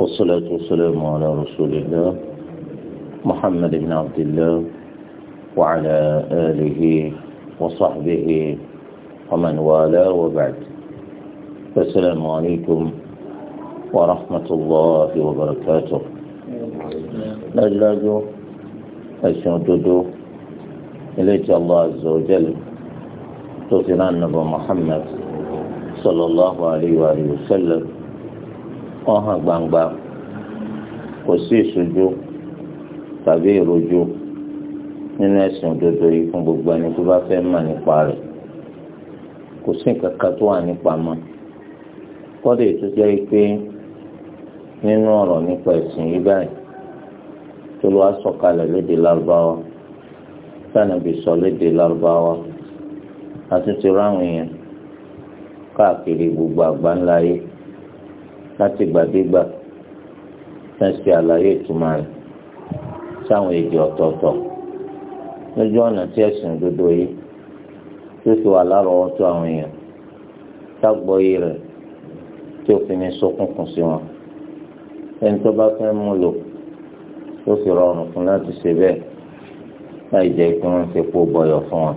والصلاة والسلام على رسول الله محمد بن عبد الله وعلى آله وصحبه ومن والاه وبعد السلام عليكم ورحمة الله وبركاته أجلاجو أشهدو إليك الله عز وجل تغفر النبي محمد صلى الله عليه وآله وسلم kọ́ hàn gbangba kò sí ìṣojú tàbí ìrojú nínú ẹ̀sìn òdodo yìí fún gbogbo ẹni tó bá fẹ́ mọ̀ nípa rẹ̀ kò sí nǹkan kan tó wà nípa mọ́ kọ́dé tó jẹ́ pé nínú ọ̀rọ̀ nípa ẹ̀sìn yìí báyìí tó lọ́ sọ̀kalẹ̀ lédè lárúbáwá sànàbì sọ lédè lárúbáwá àtúntì ráwọn yẹn káàkiri gbogbo àgbáńláyé láti gbàdégbà tá a ṣe àlàyé ìtumọ̀ rẹ̀ sáwọn èdè ọ̀tọ̀ọ̀tọ̀ lójú ọ̀nà tí ẹ̀sìn òdodo yìí tó fi wà lárọ̀ọ́tọ̀ àwọn èèyàn tágbọ́ yìí rẹ̀ tí òfin ní sókùnkùn sí wọn ẹni tó bá fẹ́ mú lò ó sì rọrùn fún láti ṣe bẹ́ẹ̀ láì jẹ́ pé wọ́n ti kó bọyọ̀ fún wọn.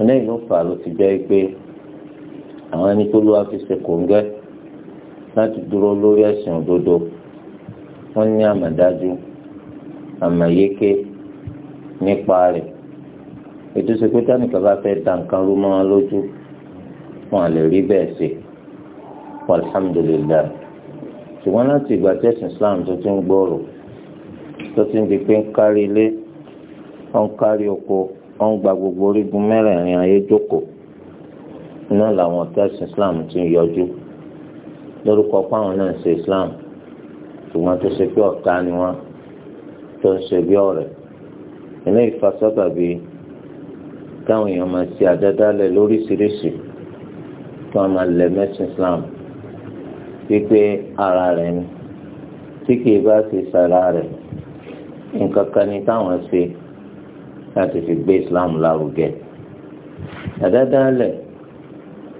ilé ìlú fà ló ti jẹ́ pé àwọn ẹni tó lọ́wọ́ fi ṣe kòńgẹ́ láti dúró lórí ẹ̀sìn òdodo wọ́n ní àmàdájú àmàyéké nípa rẹ̀ ètò ìsèpétà nìkan bá fẹ́ da nǹkan rú mọ́ wọn lójú wọn lè rí bẹ́ẹ̀ ṣe alhamdulilayi ṣùgbọ́n láti ìgbà tí ẹ̀sìn Islam tó ti ń gbòòrò tó ti ń di pé ń kárí ilé ó ń kárí oko ó ń gba gbogbo orígun mẹ́rẹ̀ẹ̀rin ayé jókòó náà làwọn ọ̀tá ẹ̀sìn Islam ti ń yọjú lórúkọ páwọn náà ṣe islam ṣùgbọ́n tó ṣe pé ọ̀tá ni wọ́n tó ń ṣe bí ọ̀rẹ́ ilé ìfasọ́gbà bíi káwọn èèyàn máa ṣe àdádálẹ̀ lóríṣiríṣi kí wọ́n máa lẹ̀ mẹ́sìn islam wípé ara rẹ̀ ni tí kì í bá ti sara rẹ̀ nǹkan kan ní táwọn ṣe láti fi gbé islam lárugẹ àdádálẹ̀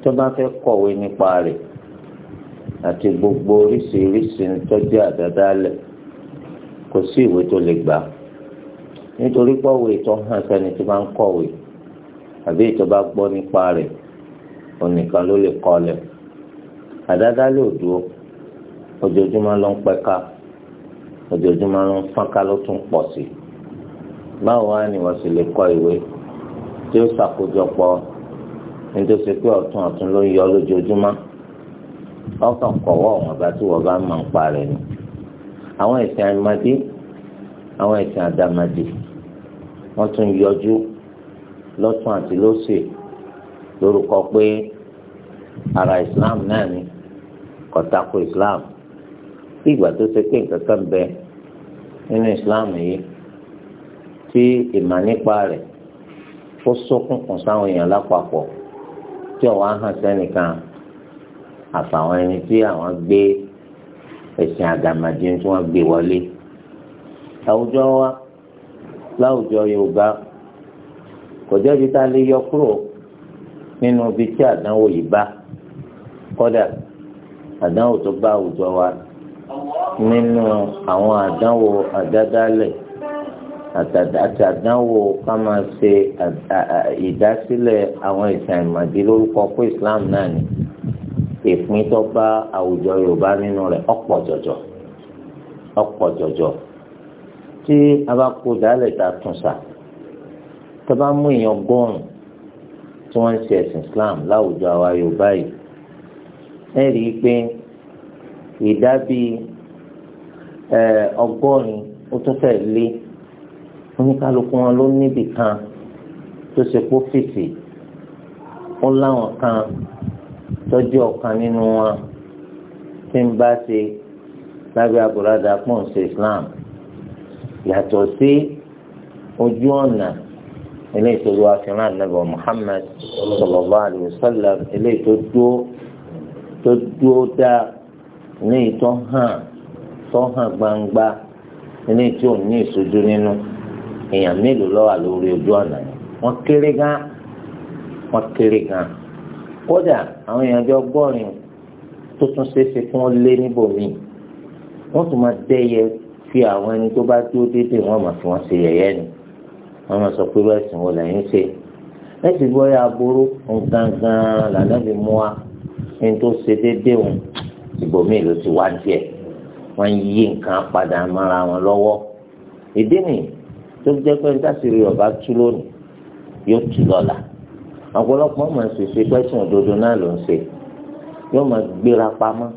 tó bá fẹ́ kọ̀wé nípa rẹ̀ àti gbogbo oríṣiríṣi tọ́jú àdádálẹ̀ kò sí ìwé tó lè gbà nítorí pọ̀wé tó hàn sẹ́ni tó bá ń kọ̀wé àbí ètò bá gbọ́ nípa rẹ̀ onìkan ló lè kọ́lẹ̀ àdádálẹ̀ ò dúró ojoojúmọ́ ló ń pẹ́ka ojoojúmọ́ ló ń fọ́nká ló tún pọ̀ sí báwo wá ni wọ́n sì lè kọ ìwé tí ó ṣàkójọpọ̀ nítorí pé ọ̀tún ọ̀tún ló ń yọ lójoojúmọ́ ọkàn kọ̀wọ́ ọ̀hún ọba tí wọ́n bá ń mọ̀ ń parẹ́ ni àwọn ẹ̀sìn àmàdé àwọn ẹ̀sìn àdàmàdé wọ́n tún yọjú lọ́tún àti lósì lórúkọ pé ara Islam náà ni kọ̀tàkù Islam bí ìgbà tó ṣe pé nǹkan bẹ nínú Islam yìí tí ìmọ̀ nípa rẹ̀ ó ṣókùnkùn sáwọn èèyàn lápapọ̀ tí ọ̀wá hàn sẹ́nìkan àfàwọn ẹni tí àwọn gbé ẹ̀sìn àgàmàjẹ tí wọ́n gbé wọlé àwùjọ wa láwùjọ Yorùbá kò jẹ́ ibi tá a lè yọ kúrò nínú ibi tí àdánwò yìí bá kódà àdánwò tó bá àwùjọ wa nínú àwọn àdánwò àdádálẹ̀ àti àdánwò ká máa ṣe ìdásílẹ̀ àwọn ìsàn ìmàdí lórúkọ pé Islam náà ni ìpín tó bá àwùjọ yorùbá nínú rẹ̀ ọ̀pọ̀ jọjọ ọ̀pọ̀ jọjọ tí a bá kó dálẹ̀ ta tún sà tó bá mú èèyàn gọ́rùn tí wọ́n ń ṣe ẹ̀sìn islam láwùjọ àwa yorùbá yìí ẹ rí i pé ìdá bíi ọgọ́rin ó tún fẹ́ lé oníkálukú wọn ló níbì kan tó ṣe pófìsì ó láwọn kan tọ́jú ọ̀kan nínú wọn tí ń bá ṣe lábẹ́ àbúradà pọ̀n ṣe Islam yàtọ̀ sí ojú ọ̀nà ilé ìtòlú afinra nàbọ̀ Muhammad sallallahu alaihi wasallam ilé ìtòdúó tó dúó dáa hàn tó hàn gbangba ilé tí ní ìṣojú nínú èèyàn mélòó ló lórí ojú ọ̀nà wọ́n kéré gan wọ́n kéré gan. kódà àwọn èèyàn bí ọgọ́rin tó tún ṣeéṣe kí wọ́n lé níbòmíì wọ́n tún máa dẹ́yẹ fi àwọn ẹni tó bá dúró déédéé wọ́n máa fi wọ́n ṣe yẹ̀yẹ́ ni wọ́n máa sọ pé bẹ́ẹ̀ wọ́n lẹ́yìn ṣe ẹ̀sìn bọ́yá aburú gangan lànà fi mú wa ẹni tó ṣe déédéé wọn ìbòmíì ló ti wá díẹ̀ wọ́n yí nǹkan padà mọ́ra wọn lọ́wọ́ ìdí nìyí tó jẹ́ pé ní tásìrì ọ̀bá tú lónìí yóò tú lọ́la ọ̀pọ̀lọpọ̀ máa ń ṣèṣe pẹ́sìn òdodo náà ló ń ṣe yóò máa gbéra pamọ́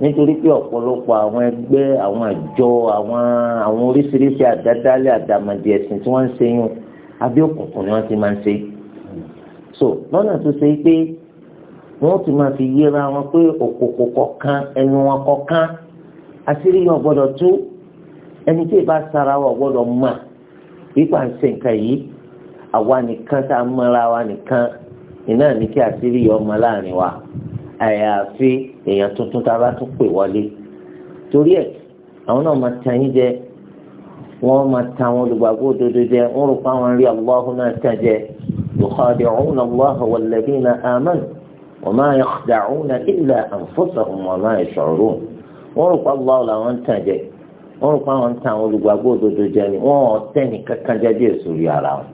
nítorí pé ọ̀pọ̀lọpọ̀ àwọn ẹgbẹ́ àwọn àjọ àwọn àwọn oríṣiríṣi àdádálẹ̀ àdàmàdì ẹ̀sìn tí wọ́n ń ṣe yún abẹ́ òkùnkùn ni wọ́n ti máa ń ṣe. so lọ́nà tó ṣe pé wọ́n ti máa fi yéra wọn pé òkòkò kọ̀ọ̀kan ẹnu wọn kọ̀ọ̀kan àṣírí yẹn ọ̀gbọ́dọ̀ tú ẹni tí ì bá sara wọn ọ̀gbọ́dọ̀ mà pípa ń ṣe nǹkan yìí àwa nìkan tá a mọ́ra wa nìkan iná ní kí àṣírí ọmọ láàrin wa àyàfi èèyàn tuntun tá a bá tún pè wọlé torí ẹ̀ àwọn náà máa ta yín jẹ wọ́n máa ta àwọn olùgbàgbọ́ òdodo jẹ wọ́n rò pé àwọn rí Allahu náà ta jẹ yukhadi'una Allaha walladhina amanu wa ma yakhda'una illa anfusahum wa ma yash'urun wọ́n rò pé Allahu làwọn ń tàn jẹ wọ́n rò pé àwọn ń ta àwọn olùgbàgbọ́ òdodo jẹ ni wọ́n ọ̀tẹ́ nìkan kan jẹ́ bí èso rí ara wọn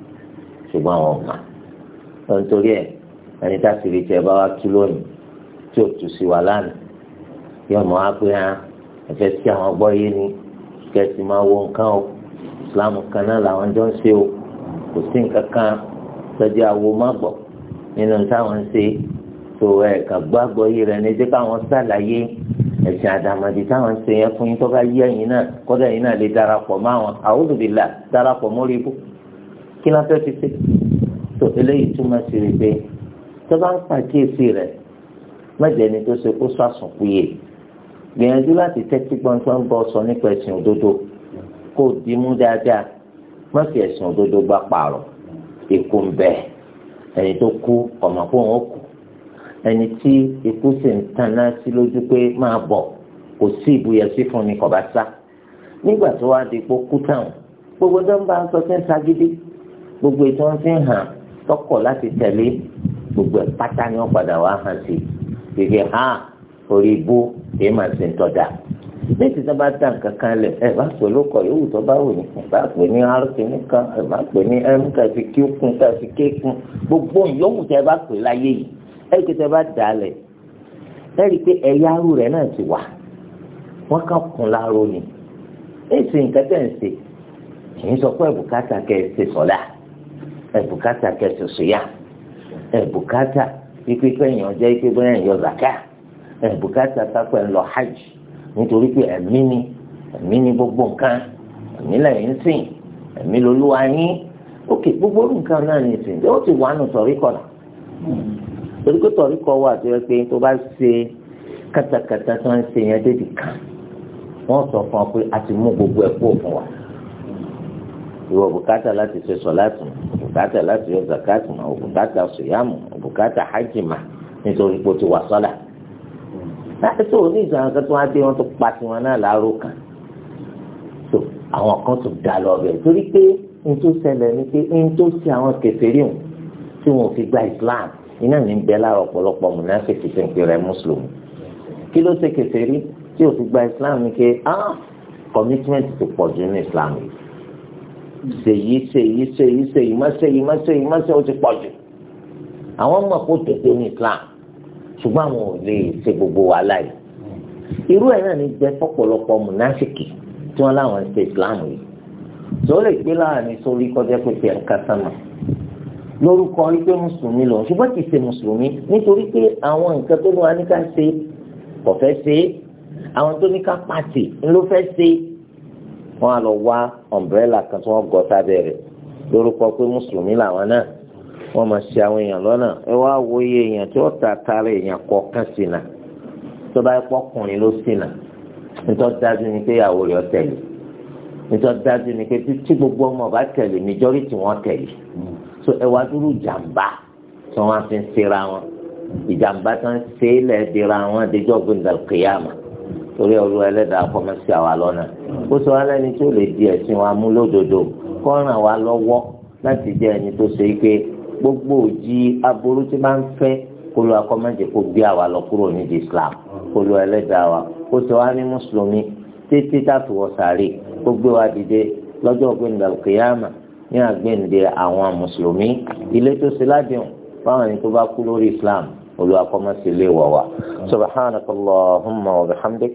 ṣùgbọ́n àwọn ọ̀ma nítorí ẹ̀ ẹni tá a sì rí tẹ bá wá tú lónìí tí ò tù sí wa lánàá yọ ọmọ wa pé hàn ah, ẹ̀fẹ́ tí àwọn gbọ́ yé ni kẹ́sì máa wo nǹkan o Islam kan náà làwọn jọ ń ṣe o kò sí nǹkan kan lọ́jọ́ àwo má gbọ́ nínú táwọn ń ṣe tó ẹ̀ka gbàgbọ́ yìí rẹ̀ ní jẹ́ káwọn ṣàlàyé ẹ̀sìn àdàmàdì táwọn ń ṣe yẹn fún yín tó bá yé ẹ̀yin náà kọ́dọ̀ ẹ̀yin náà lè darapọ̀ mọ́ àwọn àwòdùbìlà darapọ̀ mórí ibú kí ló ń fẹ́ fi ṣe tó eléyìí túmọ̀ sí rí pé tó bá ń pàkíyèsí rẹ̀ mẹ́jẹ̀ ni tó ṣe kó sàsùn kúyè gbìyànjú láti tẹ́tí gbọ́ntàn bọ́ sọ nípa ẹ̀sìn òdodo kó di mú dáadáa má fi ẹ̀sìn òdodo gbà pààrọ̀ ikú ń bẹ ẹni tó kú ọ̀mọ̀ fún òun kù ẹni tí ikú sì ń tanná sí lójú pé máa bọ̀ kò sí ìbúyẹsí fún ni kò bá sá nígbà tó wá di pé táwọn gbogbo tó sọ sí ń gbogbo ètò wọn fi ń hàn tọkọ láti tẹ̀lé gbogbo ẹ̀ pátá ni wọ́n padà wá hàn sí kìkì hàn orí ibú kì í máa ṣe ń tọ́jà ní ìtìsá bá dá nǹkan kan lẹ̀ ẹ bá pè lóko yòówù tó bá wù ní ẹ bá pè ní rk nìkan ẹ bá pè ní m kàfi q kún kàfi k kún gbogbo yòówù tẹ bá pè láyé yìí ẹ kí tẹ bá dà á lẹ̀ ẹ rí i pé ẹ̀yà arú rẹ̀ náà ti wà wọ́n kàn kún láró ni ẹ nǹkan tẹ̀ ń ṣe kì í sọ pé bùkátà kẹ́ ẹ ṣe sọ́dà ẹ̀ bùkátà kẹsì sùyà ẹ̀ bùkátà ikú ikú ẹ̀yìn ọjọ́ ikú bẹ́ẹ̀ yọ zaka ẹ̀ bùkátà sápẹ́ ń lọ hajj nítorí pé ẹ̀mí ni ẹ̀mí ni gbogbo nǹkan ẹ̀mí lẹ́yìn ń sìn ẹ̀mí lolúwa yín ókè gbogbo nǹkan náà ní ìsìn ó ti wà nù tọ̀ríkọ̀ náà torí pé tọ̀ríkọ̀ wà tó yẹ pé tó bá ṣe kátàkátà tó ń ṣe yẹn débi kan wọ́n sọ fún ọ pé a ti mú gbogbo ẹ̀ fún wa ìwọ bùkátà láti ṣe sọ láti mú bùkátà láti yọ zakat mọ́ o bùkátà sùyàmù o bùkátà hajj mọ́ nítorí pé o ti wà sọ́là láti tó ní ìtàn kan tó wá dé wọn tó pa tiwọn náà láàárọ̀ kan tó àwọn kan tó dà lọ bẹ̀ torí pé n tó ṣẹlẹ̀ ni pé n tó ṣe àwọn kèfèrí hùn tí wọn fi gba Islam iná ní bẹ lára ọ̀pọ̀lọpọ̀ mùnáfíkì tó ń pè rẹ̀ mùsùlùmí kí ló ṣe kèfèrí tí o fi gba Islam ni pé ah commitment ti pọ̀ jù ní Islam yìí ṣèyí ṣèyí ṣèyí ṣèyí má ṣèyí má ṣèyí má ṣèyí ó ti pọ̀ jù àwọn ọmọ kò tètè ní Islam ṣùgbọ́n àwọn ò lè ṣe gbogbo wa láì irú ẹ̀ náà ní jẹ́ fọ́pọ̀lọpọ̀ mùnáfìkì tí wọ́n láwọn ṣe Islam yìí tó lè gbé láàrin sórí kọjá pé ti ẹ̀ka sámà lórúkọ wípé mùsùlùmí lòun ṣùgbọ́n kì í ṣe mùsùlùmí nítorí pé àwọn nǹkan tó ní wa ní ká ṣe kò fẹ́ ṣe àwọn tó ní ká pàṣẹ ló fẹ́ ṣe wọ́n á lọ wá ọ̀mbrẹ́là kan tí wọ́n gọ́ sábẹ́ rẹ̀ lórúkọ pé mùsùlùmí làwọn náà wọ́n máa ṣe àwọn èèyàn lọ́nà ẹ wá wo iye èèyàn tí ó ta tara èèyàn kọ̀ọ̀kan ṣìnà tó bá pọ̀ ọkùnrin ló ṣìnà nítorí dájú ni pé ìyàwó rẹ̀ tẹ̀lé nítorí dájú ni pé tí gbogbo ọmọ bá tẹ̀lé majority wọn tẹ̀lé so ẹ wá dúró jàǹbá tí wọ́n á fi ń ṣera wọn ìjàǹbá tí wọ́n ń ṣe é lẹ́ẹ̀dẹ̀ra wọn àdéjọ́ gbẹ̀ndàkìyàmà torí ọlọ́wọ́ ẹlẹ́dàá kọ́mẹ́sì àwa lọ́nà ó sọ alẹ́ni tó lè di ẹ̀sìn wa mú lódodo kọ́ ràn wá lọ́wọ́ láti jẹ́ ẹni tó ṣe pé gbogbo òjì aburú tí máa ń fẹ́ kó lọ akọ́mẹ́jẹ kó gbé àwa lọ kúrò nídìí Islam kó lọ ẹlẹ́dàá wa ó sọ wá ní mùsùlùmí títí táfìwọ́ sàárè kó gbé wa dìde lọ́jọ́ gbẹ̀ndà kìyàmà ní àgbẹ̀ǹde àwọn mùsùlùmí ilé tó ṣe ládìhùn báwọn ẹni tó bá kú lórí Islam olùwàkọ́mọ́sí lè wọ̀ wá subhanakallahumma wa bihamdik.